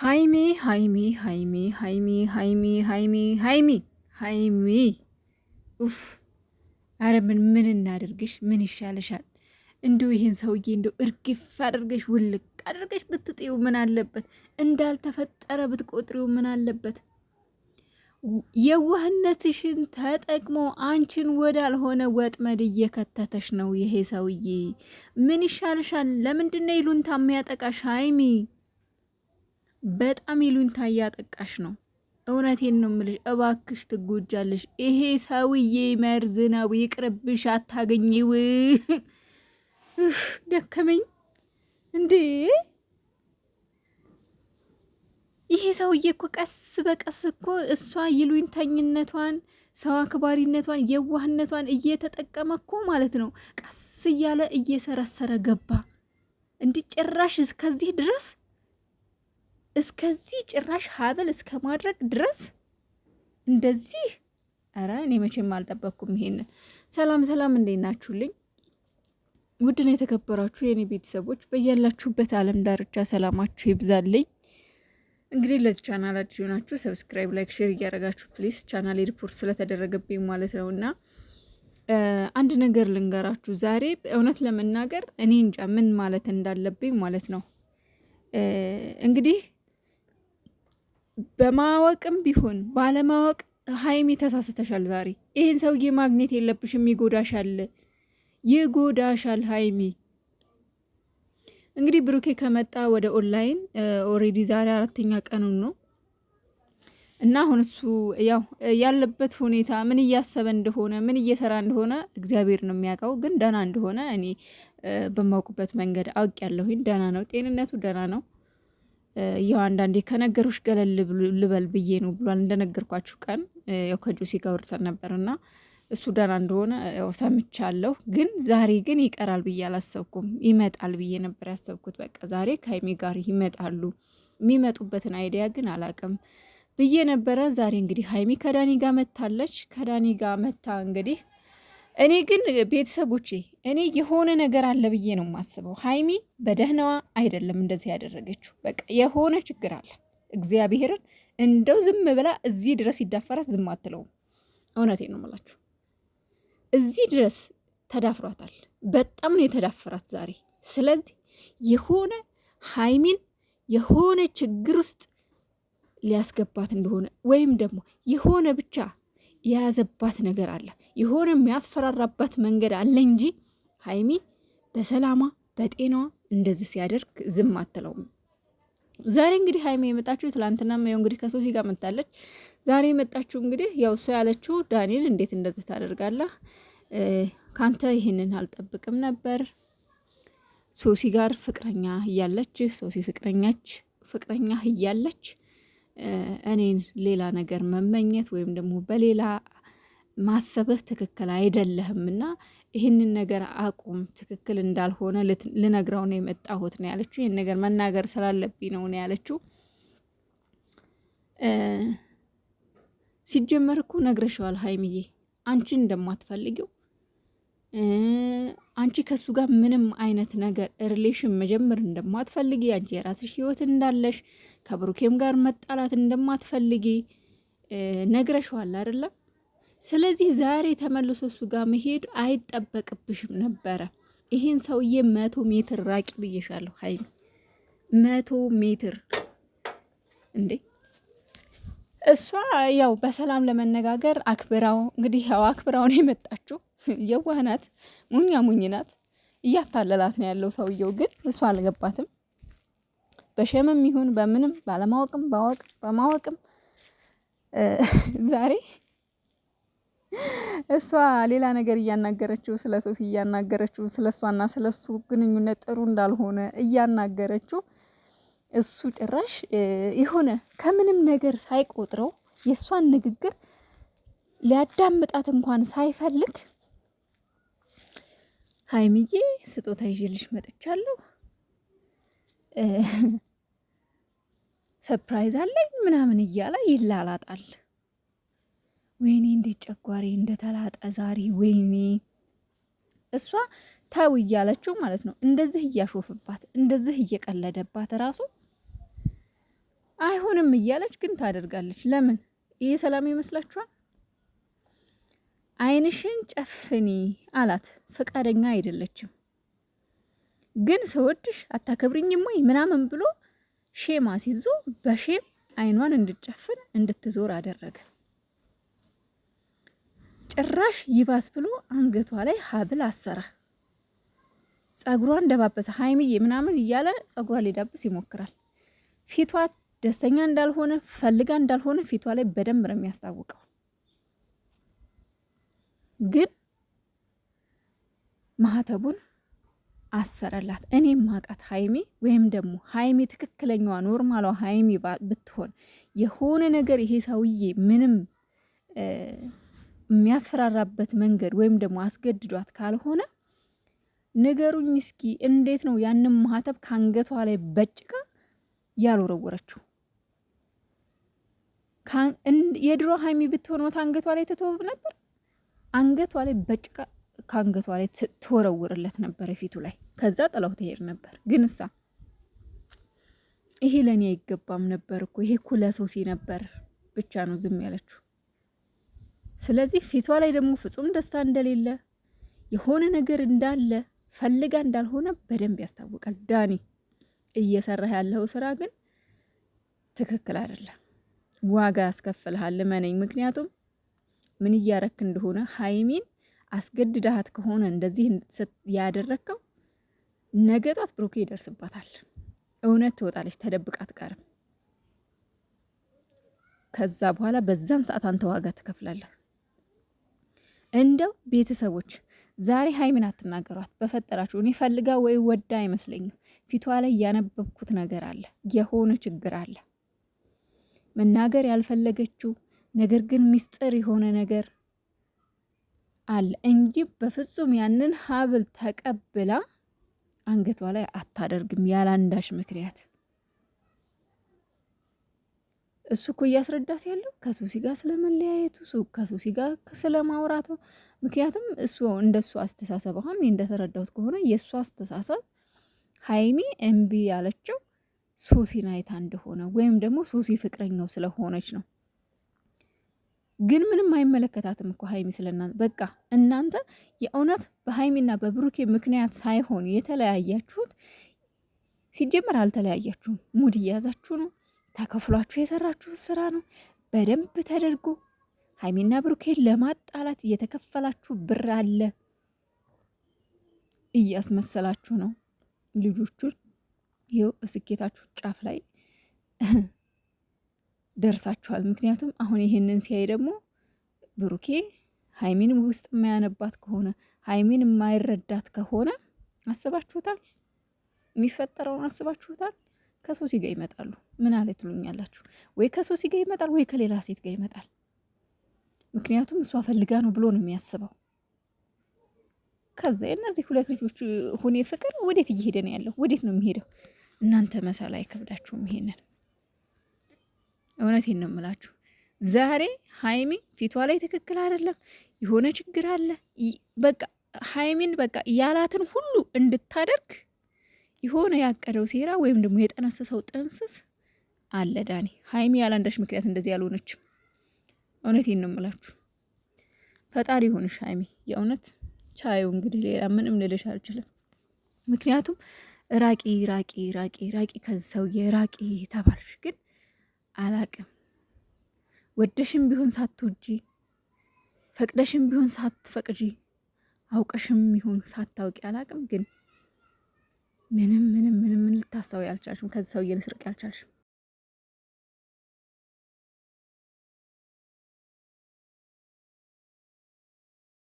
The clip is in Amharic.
ሀይሚ ሀይሚ ሀይሚ ሀይሚ ሀይሚ ሀይሚ ሀይሚ ሀይሚ ኡፍ! አረ ምን ምን እናድርግሽ? ምን ይሻለሻል እንዲሁ ይህን ሰውዬ እንዲሁ እርግፍ አድርገሽ ውልቅ አድርገሽ ብትጥዩ ምን አለበት? እንዳልተፈጠረ ብትቆጥሪው ምን አለበት? የዋህነትሽን ተጠቅሞ አንቺን ወዳልሆነ ወጥመድ እየከተተሽ ነው ይሄ ሰውዬ። ምን ይሻልሻል? ለምንድነው ይሉንታ የሚያጠቃሽ ሀይሚ? በጣም ይሉኝታ እያጠቃሽ ነው። እውነቴን ነው ምልሽ፣ እባክሽ ትጎጃለሽ። ይሄ ሰውዬ መርዝ ነው፣ ይቅርብሽ፣ አታገኝው። ደከመኝ እንዴ! ይሄ ሰውዬ እኮ ቀስ በቀስ እኮ እሷ ይሉኝተኝነቷን ሰው አክባሪነቷን የዋህነቷን እየተጠቀመ እኮ ማለት ነው። ቀስ እያለ እየሰረሰረ ገባ እንዲህ ጭራሽ እስከዚህ ድረስ እስከዚህ ጭራሽ ሀብል እስከ ማድረግ ድረስ እንደዚህ። ኧረ እኔ መቼም አልጠበቅኩም ይሄንን። ሰላም ሰላም፣ እንዴት ናችሁልኝ? ውድን የተከበራችሁ የእኔ ቤተሰቦች በያላችሁበት ዓለም ዳርቻ ሰላማችሁ ይብዛልኝ። እንግዲህ ለዚህ ቻናል አዲስ የሆናችሁ ሰብስክራይብ፣ ላይክ፣ ሼር እያደረጋችሁ ፕሊስ፣ ቻናል ሪፖርት ስለተደረገብኝ ማለት ነው እና አንድ ነገር ልንገራችሁ። ዛሬ እውነት ለመናገር እኔ እንጃ ምን ማለት እንዳለብኝ ማለት ነው እንግዲህ በማወቅም ቢሆን ባለማወቅ ሀይሚ ተሳስተሻል። ዛሬ ይህን ሰውዬ ማግኘት የለብሽም። ይጎዳሻል፣ ይጎዳሻል ሀይሚ። እንግዲህ ብሩኬ ከመጣ ወደ ኦንላይን ኦሬዲ ዛሬ አራተኛ ቀኑን ነው እና አሁን እሱ ያው ያለበት ሁኔታ ምን እያሰበ እንደሆነ ምን እየሰራ እንደሆነ እግዚአብሔር ነው የሚያውቀው። ግን ደህና እንደሆነ እኔ በማውቅበት መንገድ አውቅ ያለሁኝ ደህና ነው፣ ጤንነቱ ደህና ነው። ያው አንዳንዴ ከነገሮች ገለል ልበል ብዬ ነው ብሏል። እንደነገርኳችሁ ቀን ያው ከጆሲ ጋር አውርተን ነበርና እሱ ደህና እንደሆነ ያው ሰምቻለሁ። ግን ዛሬ ግን ይቀራል ብዬ አላሰብኩም። ይመጣል ብዬ ነበር ያሰብኩት። በቃ ዛሬ ከሀይሚ ጋር ይመጣሉ። የሚመጡበትን አይዲያ ግን አላቅም ብዬ ነበረ። ዛሬ እንግዲህ ሀይሚ ከዳኒ ጋር መታለች። ከዳኒ ጋር መታ እንግዲህ እኔ ግን ቤተሰቦቼ እኔ የሆነ ነገር አለ ብዬ ነው የማስበው። ሀይሚ በደህናዋ አይደለም እንደዚህ ያደረገችው። በቃ የሆነ ችግር አለ። እግዚአብሔርን እንደው ዝም ብላ እዚህ ድረስ ይዳፈራት ዝም አትለውም። እውነቴ ነው የምላችሁ እዚህ ድረስ ተዳፍሯታል። በጣም ነው የተዳፈራት ዛሬ። ስለዚህ የሆነ ሀይሚን የሆነ ችግር ውስጥ ሊያስገባት እንደሆነ ወይም ደግሞ የሆነ ብቻ የያዘባት ነገር አለ፣ የሆነ የሚያስፈራራባት መንገድ አለ እንጂ ሀይሚ በሰላማ በጤናዋ እንደዚህ ሲያደርግ ዝም አትለውም። ዛሬ እንግዲህ ሀይሚ የመጣችሁ ትላንትና ያው እንግዲህ ከሶሲ ጋር መጣለች። ዛሬ የመጣችሁ እንግዲህ ያው እሱ ያለችው ዳኒን እንዴት እንደዚህ ታደርጋለህ? ካንተ ይህንን አልጠብቅም ነበር። ሶሲ ጋር ፍቅረኛ እያለች ሶሲ ፍቅረኛች ፍቅረኛ እያለች እኔን ሌላ ነገር መመኘት ወይም ደግሞ በሌላ ማሰብህ ትክክል አይደለህም እና ይህንን ነገር አቁም፣ ትክክል እንዳልሆነ ልነግረው ነው የመጣሁት ነው ያለችው። ይህን ነገር መናገር ስላለብኝ ነው ነው ያለችው። ሲጀመር እኮ ነግረሸዋል ሀይምዬ አንቺን እንደማትፈልጊው አንቺ ከሱ ጋር ምንም አይነት ነገር ሪሌሽን መጀመር እንደማትፈልጊ፣ አንቺ የራስሽ ህይወት እንዳለሽ ከብሩኬም ጋር መጣላት እንደማትፈልጊ ነግረሽዋል አይደለም? ስለዚህ ዛሬ ተመልሶ እሱ ጋር መሄድ አይጠበቅብሽም ነበረ። ይህን ሰውዬ መቶ ሜትር ራቂ ብዬሻለሁ ሀይሚ። መቶ ሜትር እንዴ! እሷ ያው በሰላም ለመነጋገር አክብራው እንግዲህ ያው አክብራውን የመጣችው የዋህናት ሙኛ ሙኝ ናት። እያታለላት ነው ያለው ሰውየው፣ ግን እሱ አልገባትም። በሸምም ይሁን በምንም ባለማወቅም ባወቅ በማወቅም ዛሬ እሷ ሌላ ነገር እያናገረችው ስለ ሶሲ እያናገረችው ስለ እሷና ስለ እሱ ግንኙነት ጥሩ እንዳልሆነ እያናገረችው እሱ ጭራሽ የሆነ ከምንም ነገር ሳይቆጥረው የእሷን ንግግር ሊያዳምጣት እንኳን ሳይፈልግ ሀይሚዬ ስጦታ ይዤልሽ መጥቻለሁ፣ ሰፕራይዝ አለኝ ምናምን እያለ ይላላጣል። ወይኔ እንዴት ጨጓሬ እንደተላጠ ዛሬ ወይኔ። እሷ ታው እያለችው ማለት ነው፣ እንደዚህ እያሾፍባት፣ እንደዚህ እየቀለደባት ራሱ አይሆንም እያለች ግን ታደርጋለች። ለምን ይሄ ሰላም ይመስላችኋል? አይንሽን ጨፍኒ አላት። ፈቃደኛ አይደለችም። ግን ስወድሽ አታከብሪኝም ወይ ምናምን ብሎ ሼም አሲዞ በሼም አይኗን እንድጨፍን እንድትዞር አደረገ። ጭራሽ ይባስ ብሎ አንገቷ ላይ ሀብል አሰረ። ጸጉሯን ደባበሰ። ሀይምዬ ምናምን እያለ ጸጉሯ ሊዳብስ ይሞክራል። ፊቷ ደስተኛ እንዳልሆነ ፈልጋ እንዳልሆነ ፊቷ ላይ በደንብ ነው የሚያስታውቀው። ግን ማህተቡን አሰረላት። እኔም ማቃት ሀይሚ ወይም ደግሞ ሀይሚ ትክክለኛዋ ኖርማሏ ሀይሚ ብትሆን የሆነ ነገር ይሄ ሰውዬ ምንም የሚያስፈራራበት መንገድ ወይም ደግሞ አስገድዷት ካልሆነ ንገሩኝ እስኪ እንዴት ነው ያንም ማህተብ ከአንገቷ ላይ በጭቃ ያልወረወረችው? የድሮ ሀይሚ ብትሆን አንገቷ ላይ ተተወብ ነበር? አንገቷ ላይ በጭቃ ከአንገቷ ላይ ትወረውርለት ነበር የፊቱ ላይ። ከዛ ጥላው ትሄድ ነበር። ግን እሳ ይሄ ለእኔ አይገባም ነበር እኮ ይሄ እኮ ለሶሲ ነበር ብቻ ነው ዝም ያለችው። ስለዚህ ፊቷ ላይ ደግሞ ፍጹም ደስታ እንደሌለ የሆነ ነገር እንዳለ ፈልጋ እንዳልሆነ በደንብ ያስታውቃል። ዳኒ እየሰራ ያለው ስራ ግን ትክክል አይደለም፣ ዋጋ ያስከፍልሃል። እመነኝ። ምክንያቱም ምን እያረክ እንደሆነ ሀይሚን አስገድዳሃት ከሆነ እንደዚህ ያደረግከው ነገ ጧት ብሩኬ ይደርስባታል። እውነት ትወጣለች፣ ተደብቃ አትቀርም። ከዛ በኋላ በዛን ሰዓት አንተ ዋጋ ትከፍላለህ። እንደው ቤተሰቦች ዛሬ ሀይሚን አትናገሯት በፈጠራችሁ። እኔ ፈልጋ ወይ ወዳ አይመስለኝም። ፊቷ ላይ ያነበብኩት ነገር አለ፣ የሆነ ችግር አለ። መናገር ያልፈለገችው ነገር ግን ምስጢር የሆነ ነገር አለ እንጂ በፍጹም ያንን ሀብል ተቀብላ አንገቷ ላይ አታደርግም ያላንዳሽ ምክንያት። እሱ እኮ እያስረዳት ያለው ከሱሲ ጋር ስለመለያየቱ ከሱሲ ጋር ስለማውራቱ። ምክንያቱም እሱ እንደሱ አስተሳሰብ አሁን እንደተረዳሁት ከሆነ የእሱ አስተሳሰብ ሀይሚ እምቢ ያለችው ሱሲን አይታ እንደሆነ ወይም ደግሞ ሱሲ ፍቅረኛው ስለሆነች ነው። ግን ምንም አይመለከታትም እኮ ሀይሚ ስለና በቃ እናንተ የእውነት በሀይሚና በብሩኬ ምክንያት ሳይሆን የተለያያችሁት። ሲጀመር አልተለያያችሁም። ሙድ እየያዛችሁ ነው። ተከፍሏችሁ የሰራችሁት ስራ ነው። በደንብ ተደርጎ ሀይሚና ብሩኬን ለማጣላት እየተከፈላችሁ ብር አለ እያስመሰላችሁ ነው ልጆቹን ይኸው እስኬታችሁ ጫፍ ላይ ደርሳችኋል። ምክንያቱም አሁን ይሄንን ሲያይ ደግሞ ብሩኬ ሀይሚን ውስጥ የማያነባት ከሆነ ሀይሚን የማይረዳት ከሆነ አስባችሁታል? የሚፈጠረውን አስባችሁታል? ከሶሲ ጋ ይመጣሉ። ምን አለ ትሉኛላችሁ? ወይ ከሶሲ ጋር ይመጣል፣ ወይ ከሌላ ሴት ጋ ይመጣል። ምክንያቱም እሷ ፈልጋ ነው ብሎ ነው የሚያስበው። ከዛ እነዚህ ሁለት ልጆች ሁኔ ፍቅር ወዴት እየሄደ ነው ያለው? ወዴት ነው የሚሄደው? እናንተ መሳል አይከብዳችሁም ይሄንን እውነቴን ነው የምላችሁ። ዛሬ ሀይሚ ፊቷ ላይ ትክክል አይደለም፣ የሆነ ችግር አለ። በቃ ሀይሚን በቃ ያላትን ሁሉ እንድታደርግ የሆነ ያቀደው ሴራ ወይም ደግሞ የጠነሰሰው ጥንስስ አለ። ዳኒ ሀይሚ ያለ ምክንያት እንደዚህ ያልሆነችም፣ እውነቴን ነው የምላችሁ። ፈጣሪ ይሁንሽ ሀይሚ፣ የእውነት ቻዩ። እንግዲህ ሌላ ምንም ልልሽ አልችልም። ምክንያቱም ራቂ ራቂ ራቂ ራቂ ከዚህ ሰውዬ ራቂ ተባልሽ ግን አላቅም። ወደሽም ቢሆን ሳትወጂ ፈቅደሽም ቢሆን ሳትፈቅጂ አውቀሽም ቢሆን ሳታውቂ አላቅም፣ ግን ምንም ምንም ምንም ልታስታዊ አልቻልሽም። ከዚህ ሰውዬ ልስርቅ አልቻልሽም።